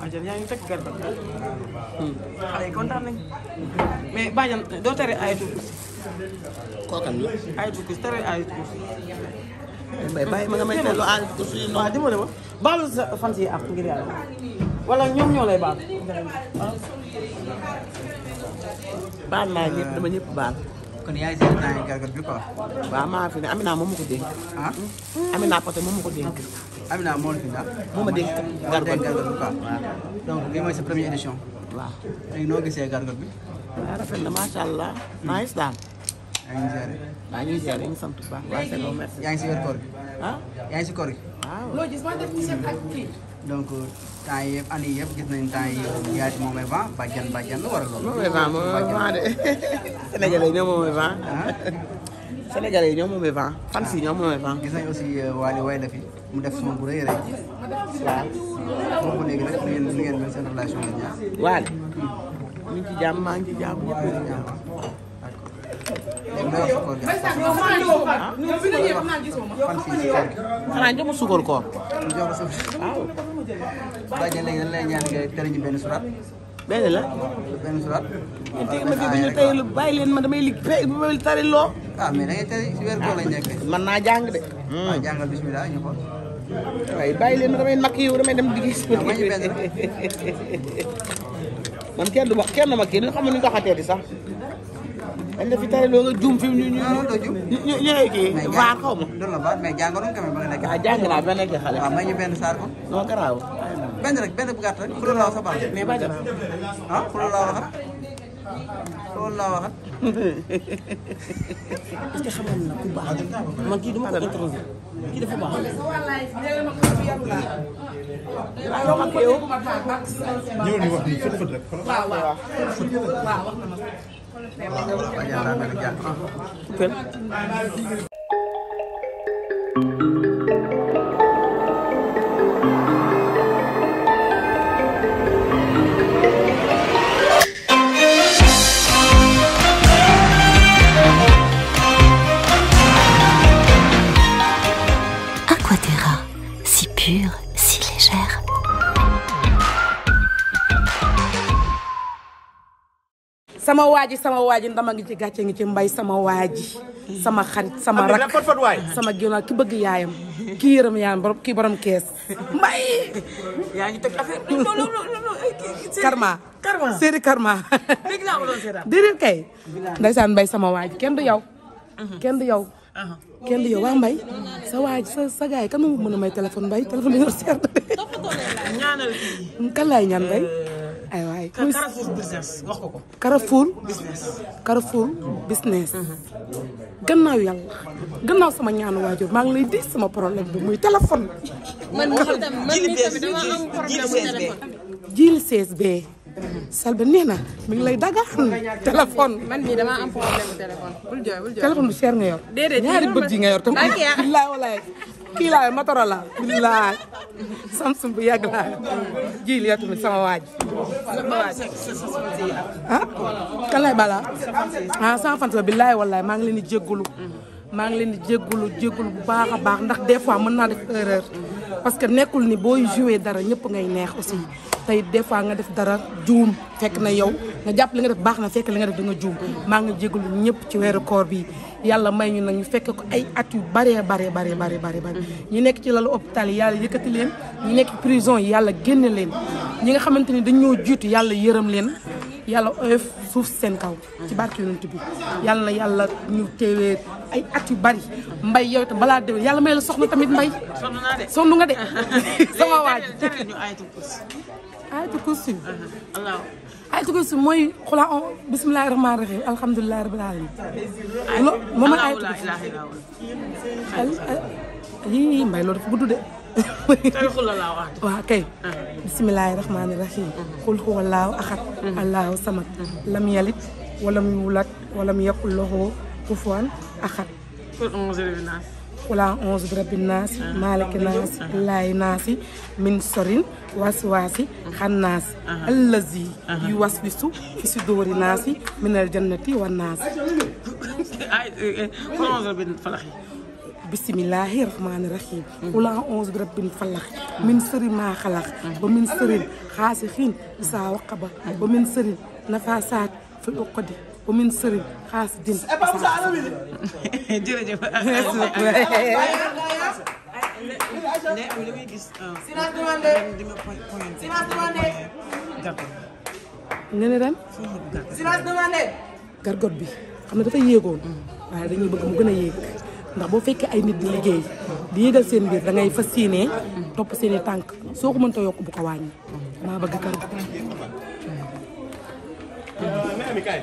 Badiane yaa ngi teg gàttal. xale yi kontaan nañu. mais Badiane doo tere ayatu kursi. kookan la. ayatu kursi tere ayatu kursi. mbay bàyyi ma nga may teel a ayatu kursi. waaw dimbale ma baalu sa fan si ak ngir yàlla wala ñoom ñoo lay baal. baal naa ñëpp dama ñëpp baal. kon yaay seen naa gargar bi quoi. waaw maa fi ne Amina moom ma ko dénk. ah Amina Poté moom ma ko dénk. Amina moo la fi daal. moo ma dénk gargar bi quoi. donc lii mooy sa première édition. waaw léegi noo gisee gargar bi. waaw ah, rafet na macha allah. maa hmm. ngi daal. yaa ngi ziare. maa ngi ziare ñu sant bu baax. waa c'est bon merci. yaa ngi si wér koor gi. ah yaa ngi si koor gi. waaw. donc temps yii yëpp yëpp gis nañ temps yii yaay moom mooy vent bàjjan bàjjan war a lool. moom mooy vent moom mooy vent de Sénégalais yi ñoom moom mooy vent. Ah. Sénégalais yi ñoom moom mooy vent. fan si ñoom moom mooy vent. gis nañ aussi euh, Waly way la mu def son bu rëy rek. waaw moom bu léegi nag nu ngeen nu ngeen mel seen relation la ñu. xanaa a sukkar koor. waaw. bàjjen léegi dañ lay ñaan nga tere ñu benn surat. benn la. benn surat. ñu tey lu bàyyi bu may tari loo. ah mais da ngay tari si weeru koor nekk. mën naa jàng de. waaw hmm. ah, jàngal bismillah ñu ko. waaye bàyyi leen ma damay makk yow damay dem di gis. man kenn du kenn ma kii nu xam ne ni ñu di sax. dañ la fi tere loo nga juum fi ah, ñu ñu ñu ñu lay kii vaar xaw ma. loolu la vaar mais jàngoon nga ba nga nekk. waaw ah, jàng naa ba nekk xale. waaw ah, may ñu benn saar ko. non garaaw. benn rek benn bu gàtt rek. ku doon laaw sa baax. mais ba jàpp ah ku doon laaw waxat. ku doon laaw waxat. est-ce que xamoon na ku baax man kii du ma ko interrogé kii dafa baax. waaw wax ak yow. ñëw ni wax ni fët fët rek. waaw waaw waaw wax na ma. Aquaterra, si pure, si légère. sama waaji sama waaji ndama ngi ci gàcce ngi ci mbay sama waaji sama xarit sama rak sama ginnaaw ki bëgg yaayam ki yërëm yaayam kii borom kees mbay ngi teg affaire karma séeri karma déedéet kay ndaysaan mbay sama waaji kenn du yow mhm. kenn du yow uh-huh. kenn du yow waa mbay sa waaji sa sa gars yi may téléphone mbay téléphone bi seer ñaanal kan laay ñaan mbay euh, jaay. Carrefour business wax ko ko. Carrefour business. Carrefour business. Mhm. gannaaw yàlla gannaaw sama ñaanu waajur maa ngi lay di sama problème bi muy téléphone. man mii tam man mii tamit dama am problème téléphone. CSB. Selbé nee na mi ngi lay dagaan téléphone. man mii dama am problème mu téléphone. bul jooy bul jooy téléphone bu cher nga yor. ñaari yi nga yor tam. kii laay Motorola billaay Samsung bu yàgg laa ji li tamit sama waaj ah kan lay bala ah sama fans ba billaay wallaay maa ngi leen di jéggulu maa ngi leen di jéggulu jéggulu bu baax a baax ndax des fois mën naa def erreur parce que nekkul ni booy joué dara ñëpp ngay neex aussi tey des fois nga def dara juum fekk na yow nga jàpp li nga def baax na fekk li nga def da nga juum maa nga jéggulu ñëpp ci weeru koor bi yàlla may ñu nag ñu fekk ko ay at yu baree baree baree baree baree bare ñu nekk ci lalu hôpital yi yàlla yëkkati leen ñu nekk prison yi yàlla génn leen ñi nga xamante ni dañoo jiitu yàlla yërëm leen yàlla oyof suuf seen kaw ci barke yonent bi yàlla na yàlla ñu teewee ay at yu bari mbay yow balaa déwén yàlla may la soxna tamit mbay sonn nga de sama waaj ayatul kursi ayatul kursi ay tugu si mooy xula bismillahi rahman rahim alhamdulillahi rabbil alamin lo moom ay tugu yi mbay loolu dafa gudd de waaw kay bismillahi rahmani rahim qul huwallahu ahad allahu samad lam yalid walam yulad walam yakul lahu kufuwan ahad ولا أعوذ برب الناس مالك الناس الله الناس من شر وسواس خناس الذي يوسوس في صدور الناس من الجنة والناس قل برب الفلق بسم الله الرحمن الرحيم ولا أعوذ برب الفلاح من شر ما خلق ومن شر خاسخين إذا وقب ومن شر نفاسات في العقد Oumine Serigne Xaas Dine. Eh, ren. gargot bi xam ne dafa yéegoon. waaye dañuy bëgg mu gën a yéeg. ndax boo fekkee ay nit di liggéey di yéegal seen biir da ngay fas yéenee topp seen tànk soo ko mënta yokk bu ko wàññi maa bëgg kar